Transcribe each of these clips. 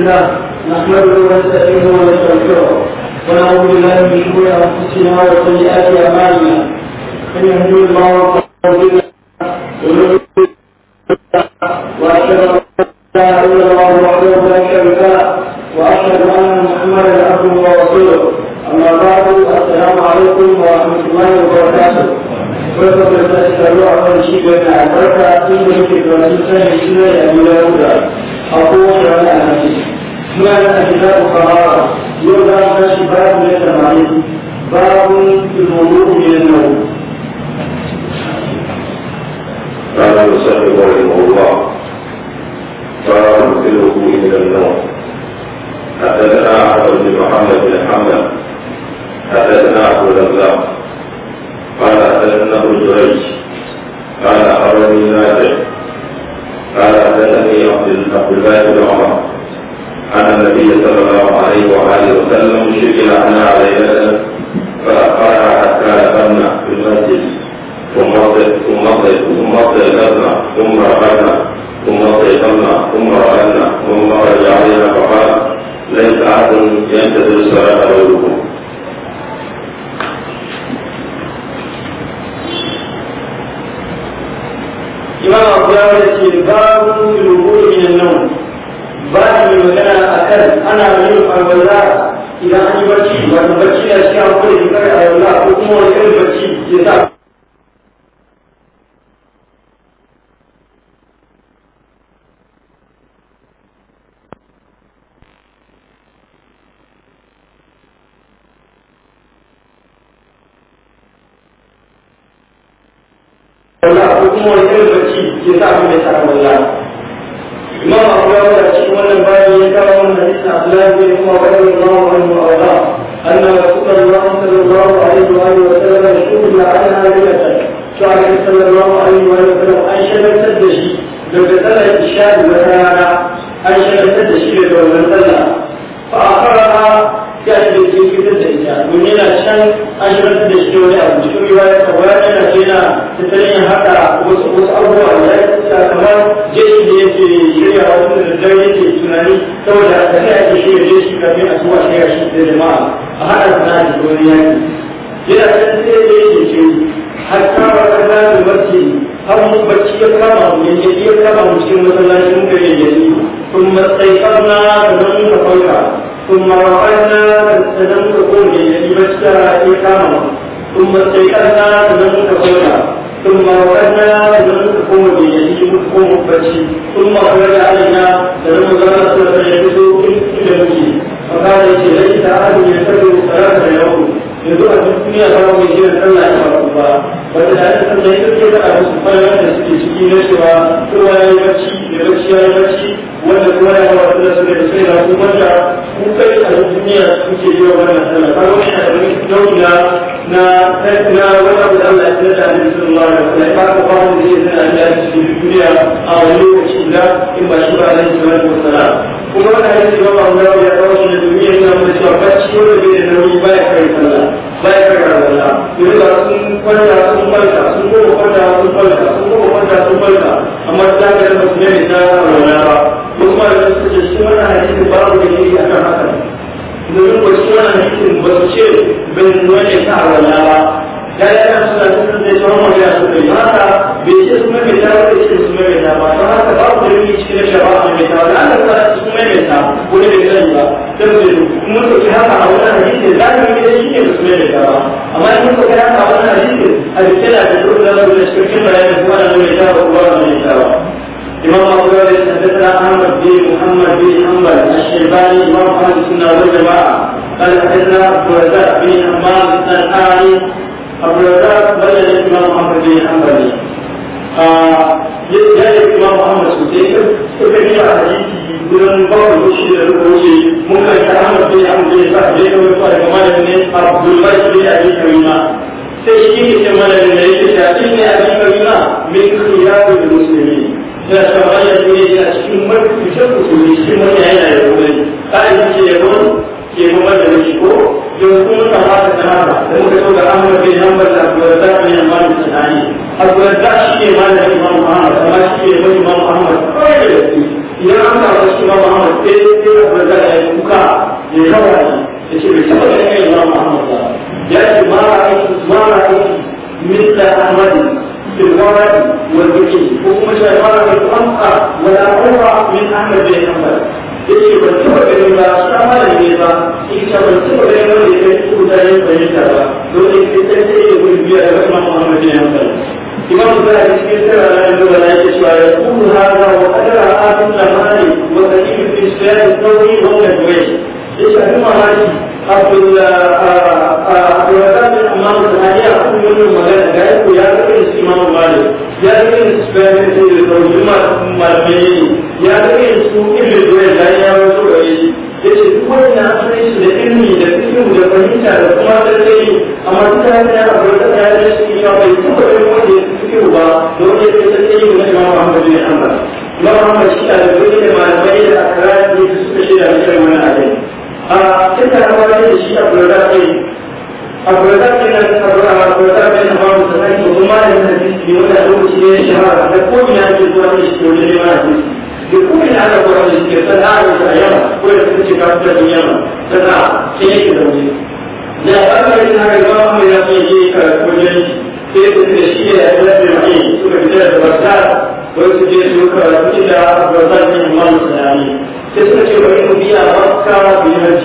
الله نحمده ونستعينه ونستغفره ونعوذ بالله من شرور انفسنا وسيئات اعمالنا من يهده الله فلا مضل له واشهد ان لا اله الا الله وحده لا شريك له واشهد ان محمدا عبده ورسوله اما بعد السلام عليكم ورحمه الله وبركاته barka da ta tsaro a kan shi ga na barka inda yake da wani sanin shi ne a gudanar da أقول على نفسي ما الأسباب قرارا يوضع شباب من التمارين باب في الوضوء من النوم قال المسلم رحمه الله باب في الوضوء من النوم حدثنا أحمد بن محمد بن حمد حدثنا أبو الأبلاغ قال حدثنا أبو جريج قال أخبرني نافع قال بن عبد الله أن النبي صلى الله عليه وآله وسلم شكل عنها ليلة فأقرها حتى لبنا في المسجد ثم ثم ثم استيقظنا ثم رأينا ثم استيقظنا ثم رأينا ثم رجع علينا فقال ليس أحد ينتظر الصلاة غيركم إمام أبو داود باب magana a kan ana yin alwala idan an yi bacci wani bacci na shi an kone kai alwala ko kuma wani irin bacci ya sa Allah ko kuma wani irin bacci ya sa imam abu ya wada cikin wannan bayan ya kawo wani hadisi na abdullahi bin kuma bayan Allah wa anhu wa Allah anna rasulullah sallallahu zama wa alihi wa sallam shukla an hadiyatan to alaihi sallallahu alaihi wa alihi wa sallam an shagaltar da shi daga sallar isha da rana an shagaltar da shi daga wannan sallah fa akhara ya ce ke fitar da ita domin yana can ashirar da shi wani abu shi ne wani abu ya tana ce na tattalin yin haɗa wasu wasu abubuwa ya ta kamar jeshi da ya yake shirya wasu da daddare yake tunani saboda a kasai ake shirya jeshi kafin a zuwa shirya shi da jama'a a haɗa sana'a da wani yaki yana kan sai da yake ce hatta ba ka na da barci har mu barci ya kama mu yanke ya kama mu cikin masallaci muka yanke sun matsayi na da wani kafauka ثم وضعنا سنن تقول لبشا إقامة ثم استيقظنا سنن تقول ثم وضعنا سنن تقول لبشا إقامة ثم خرج علينا سنن تقول لبشا إقامة suke yi wa wannan sallah ba wani da wani nau'i na na na wani abu da Allah ya tsaya da Annabi sallallahu alaihi wasallam ba ko ba wanda yake zana da cikin duniya a wani lokaci da in ba shi ba da shi wani sallah kuma wannan hadisi ba ba ya kawo shi da duniya yana mana cewa bacci wanda bai da nauyi ba ya kai sallah ba ya kai sallah yanzu da sun kwanta sun kwanta sun goma kwanta sun kwanta sun goma kwanta sun kwanta amma ta ga da mutum ne ta rana ba kuma da suke shi wannan hadisi babu da a kan haka domin ba su wani hadisin ba su ce bai wani sa wala ba ya yi kan suna cikin da ta wani wani su bai mata bai ce su mai ta ba bai ce su mai ta ba ta haka ba ku dalili cikin da shaba a mai ta wani an da su mai ta wani bai sani ba bai su yi mun ɗauki haka a wani hadisin za mu yi da shi ne su mai ta ba amma in mun ɗauki haka a wani hadisin a bai tana da duk da su da cikin bayanin kuma na mai ta ba kuma na mai ta ba إمام أبو داود حدثنا أحمد بن محمد بن حنبل الشيباني إمام أهل والجماعة قال حدثنا أبو الرزاق بن حمام الصنعاني أبو الرزاق بلغ الإمام أحمد بن حنبل ya yi kuma Muhammad sosai ko ka yi a hadisi wurin babu shi da rubu ce mun kai ta Ahmad bin Ahmad bin Sa'd bin Abi Bakr da malamin ne Abdul Malik bin Abi Karima sai shi min yana cewa a duniya yana cikin mafi fitar kusuri cikin wani yana da wani ka'idin ce ya wani ke kuma da shi ko yau kuma ta fata ta haka da muka so da amma bai hambar da abdurrazza mai amma da tunani abdurrazza shi ne malamin imam muhammad amma shi ne mai imam muhammad kawai da gaske idan an samu shi imam muhammad sai sai abdurrazza ya yi kuka ya kawo shi ya ce bai taɓa ganin imam muhammad ba ya ce ma ra'ayi ma ra'ayi mithla ahmadin في الورد والذكي وهم شيطان الخمسة ولا أرى من أحمد بن حنبل yake ban taɓa ganin ba sama da ne ba in ka ban taɓa ganin wanda ya kai kuɗa ya fahimta ba dole sai ta ce ya gudu biya da kuma Muhammad bin Hanbal imam zai cikin sirra na da dole yake cewa ya kullu malamai ya zai su ilmi zuwa da ya wasu shi ya ce duk wani na da ilmi da fikin da fahimta da kuma sarkai amma duk da abu da shi ya bai tuba da wanda ya ba da wanda ya na imamu ne an ba shi da wani da da ne suka shirya da irin wani abin a cikin da shi abu da apesar de nós apesar de nós estarmos aqui como mais de mil e duzentos dias de chamada depois de nós termos escolhido de mais de depois de nós agora nos esquecendo da Yama por esse significado da Yama será quem é que não diz já sabe que na região onde a minha dica foi feita esse vestido é o mesmo aqui o que fizer de passar por esse dia de luta a gente já apesar de nós não ser ali se isso não tiver um dia a nossa vida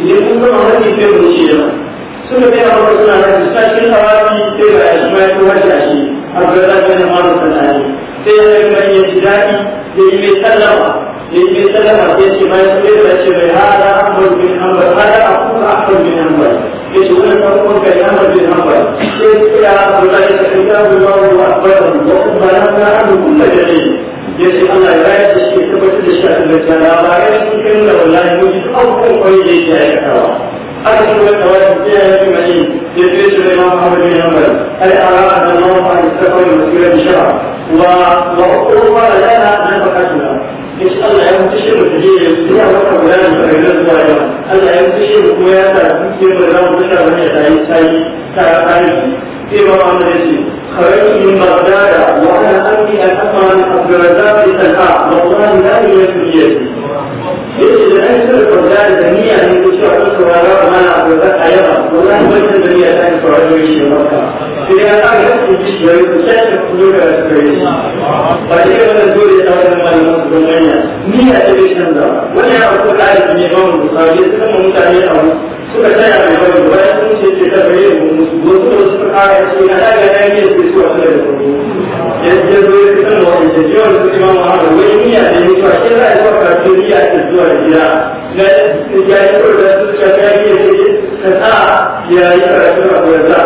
de Ele nunca mais me permitiu. suka kai a wata suna rafi suna cikin hawafi sai ga yashi ma ya kowa shi yashi a ga rafi na malu sanani sai ya kai mai ya ji daɗi ya yi mai sallama ya yi mai sallama ya ce ma ya da ce mai hada ahmad bin hanbal hada aku ahmad bin hanbal ya ce wani kan kuma kai ahmad bin hanbal sai ya kula ya ce kai zamu yi mawu a bayan wa kuma na kuma abu kuma da ne ya ce Allah ya da shi ya tabbatar da shi a tabbatar da ba ya sun kai da wallahi mutu abubuwan kwaye da ya ce aka shigar da wani iya yi mai ya ce shi da imam ahmad bin hanbal ai ala da imam ahmad ta kawai masira da shara wa wa kuma da yana da bakatuna yace Allah ya mutu shi mutu je ya maka bayani da kai zuwa yau Allah ya mutu shi kuma ya sa dukiyar da zamu tsaya wani ya tayi tayi ta aiki sai imam ahmad ya ce خرجت من بغداد وانا امشي ان اسمع من عبد الرزاق سلعه والله لا يملك بيدي yace da an tsara kwalla da niyya ne ko cewa ko saurara ba na ko da ayyuka ko da wannan da niyya ta sauraro shi ba sai ya ta ga ku ji shi ne sai ta ku da shi ba ne wannan dole ta wannan malamin ko manya niyya ta bi san da wannan ya ko da ne ba mu sai sai mun mutane a mu suka tsaya a gaban bayan sun ce ce ta bare mu mu ko suka kara shi na daga su suka da ku ya ya zo ya san wannan da jiya su imam Ahmad wani niyya ne ko zuwa da gida na ya yi kawai da su ka ta yi yake ka sa ya yi karatu a gurin za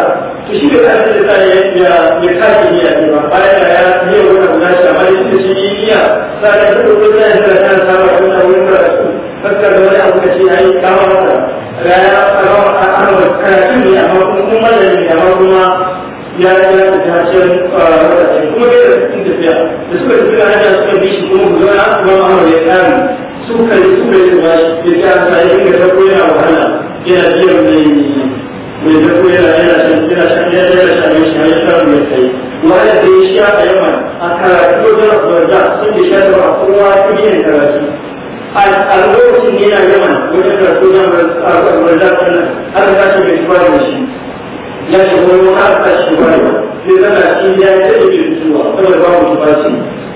to shi da karatu da sa ya ya ya kake niyya ne ba bayan da ya yi wani na shi amma ya shi yi niyya sa da duk wani da ya da kan sa ba kuma wurin karatu fakka da wani abu da shi ya yi kama masa raya kama a amma karatu ne amma kuma da ne amma kuma ya ya ta uh, ce kuma bai da cikin tafiya da suka tafi da hanya suka bi shi kuma gudana kuma amma suka yi suka yi ba ya ah, ta ya yi ga dako a wahala yana biyar mai mai dako yana yana shan yana shan yana yana shan yana shan yana shan mai kai wani da ya sha a yamma a karatu da na rabuwarda sun da sha da kuma kuliyan karatu a lokacin yana yamma wajen karatu da rabuwarda sannan har da shi mai tuba da shi ya shigo har da shi ba zai zana shi ya yi ta da jirgin zuwa saboda babu tuba shi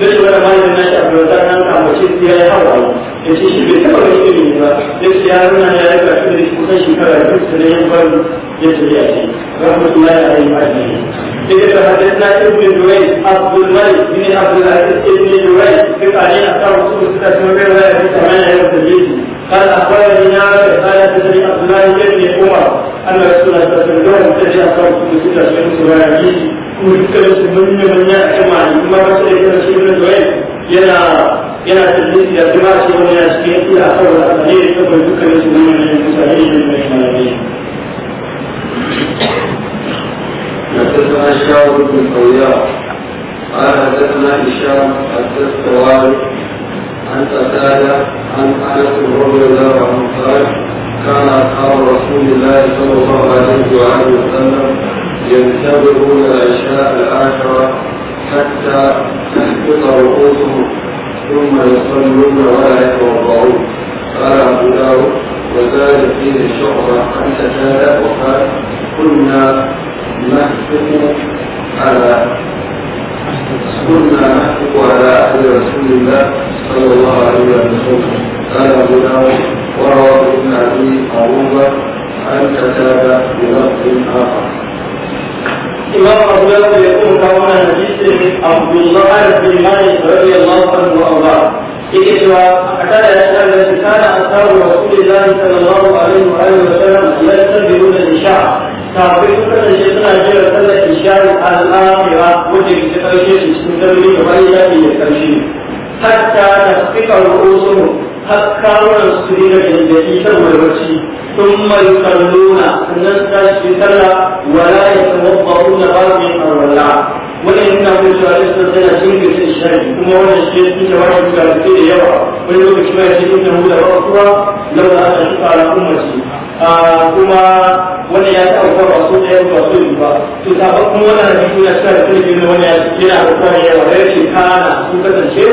zai wani malamin nashi a biyu zan nan kama shi ya yi hawaye da shi shi bai taɓa yi ilimi ba da shi ya nuna ya yi karfi da shi kusan shekara su ne yin bari ya tafi a shi rahmatullahi alaihi wa alihi إذا حدثنا ابن جويد عبد الملك بن عبد العزيز ابن جويد da قليل أثار رسول الله صلى الله yi وسلم قال أخبرني نعمة قال تدري عبد الله بن عمر أن رسول الله صلى الله عليه وسلم تجاه رسول الله صلى الله mutum manya manya a cikin mali kuma ba su da ita shi ne da yana yana tallisi da kuma shi wani ya shi ya a kawo da ne da kuma dukkan su manya manya mutane ne da mai malami حدثنا الشاور بن قوياء قال حدثنا هشام حدثت والد عن قتادة عن أنس رضي الله عنه قال كان أصحاب رسول الله صلى الله عليه وآله وسلم ينتظرون العشاء الآخرة حتى تحبط رؤوسهم ثم يصلون ولا يتوضعون قال أبو داود وزاد فيه الشعرة عن قتادة وقال كنا نحكم على كنا نحكم على أهل رسول الله صلى الله عليه وسلم قال أبو داود وروى ابن أبي عروبة عن قتادة بلفظ آخر إمام أبو داود يقول كما حديث عبد الله بن مالك رضي الله عنه وأرضاه إذا أتى يسأل الذي كان أصحاب رسول الله صلى الله عليه وآله وسلم لا يستبدلون الإشاء كافرون الشيطان أجل صلى الإشاء الآخرة وجه كتابه المستمر وإلى إلى كتابه حتى تسقط رؤوسهم حتى كانوا يستدين بالجديد والوشي ثم يصلون الناس في صلى ولا يتوضؤون بعد من الولاء wannan yana nuna cewa islam yana cikin da shari kuma wannan shi yake da wani da da yawa wani lokaci ma shi da huda ba kuma launa ana shi fara shi kuma wannan ya taɓa ba so da yawa so ne ba to sabon kuma shi da kuma shi da kuma ne wannan yana da kuma yawa da yake kana su kasance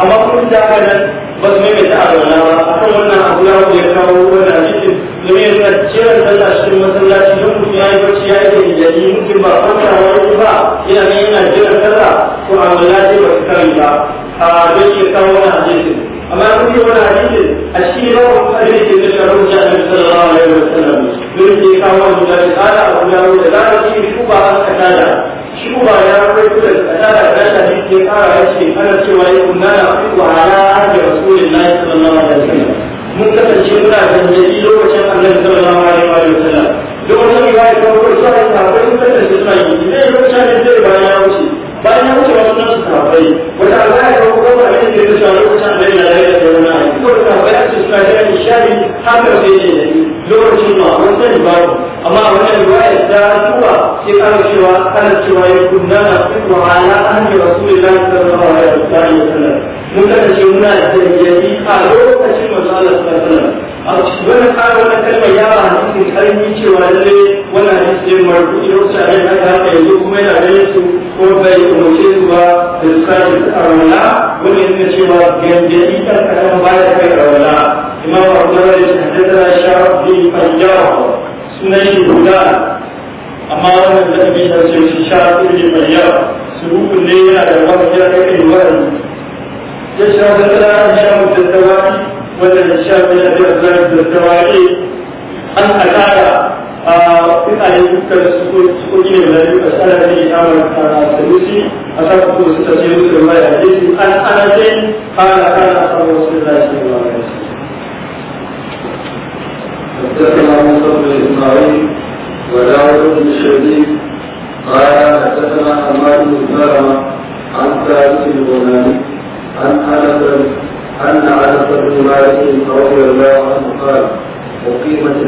amma kuma da haka ba su maimaita a zauna ba akan wannan abu ya ya kawo wannan shi domin ya sa cewa sallah cikin masallaci don mutum ya yi bacci ya yi da hijabi mutum ba kwanta wani ba yana ganin yana jiran sallah ko a wala ce ba ka karanta a don ya kawo wani hadisi amma kun yi wani hadisi a cikin yawan hadisi ke da sharar da annabi sallallahu alaihi wa sallam don ke wani da ta da abu da ruwa da za ci shi ba a ka tada shi ba ya kai kula da tada da ta hadisi ya fara ana cewa ya kunna na ku ala ahli rasulillahi sallallahu alaihi wa sallam mun kasance muna zanjabi lokacin annabi sallallahu alaihi wa sallam lokacin ya yi kawo sai ta kai kasance suna yi ne lokacin da zai ba bayan ya wuce wasu nan su sahabbai wata alaya ko kuma ba ne ke cewa lokacin da yana da yadda wani ayi ko da ba ya ce suna da nishadi har da sai ne lokacin ma ba babu amma wannan riwaya ta zuwa sai kana cewa kana cewa ya kunna na fitwa zama a rasulillahi sallallahu alaihi sallar mun kada muna da yayi a lokacin masu Allah sallar wannan tsara na kalmar ya ba hadisin karfi cewa lalle wannan hadisi ne marfu'i lokacin da ya haka yanzu kuma yana ganin su ko bai umarce su ba da su sake su arwala wanda yana cewa ganjani kan baya kai arwala imam abu da ya haddasa shafi fanjawa suna yi guda amma wannan da ake yi su shi shafi fanjawa surukun ne yana da wani ya kai wani ya shafi tsara shafi da tsawaki wannan shafi na da zai da tawaye an akara a mutane suka suko ne da yi a tsara ne a sanusi a sa ku suka ce musu da mai hadisi an dai kana kana a wasu da shi ba حدثنا موسى بن اسماعيل وداود بن قال حدثنا حماد بن عن ثابت بن عن انس أن على بن مالك رضي الله عنه قال أقيمت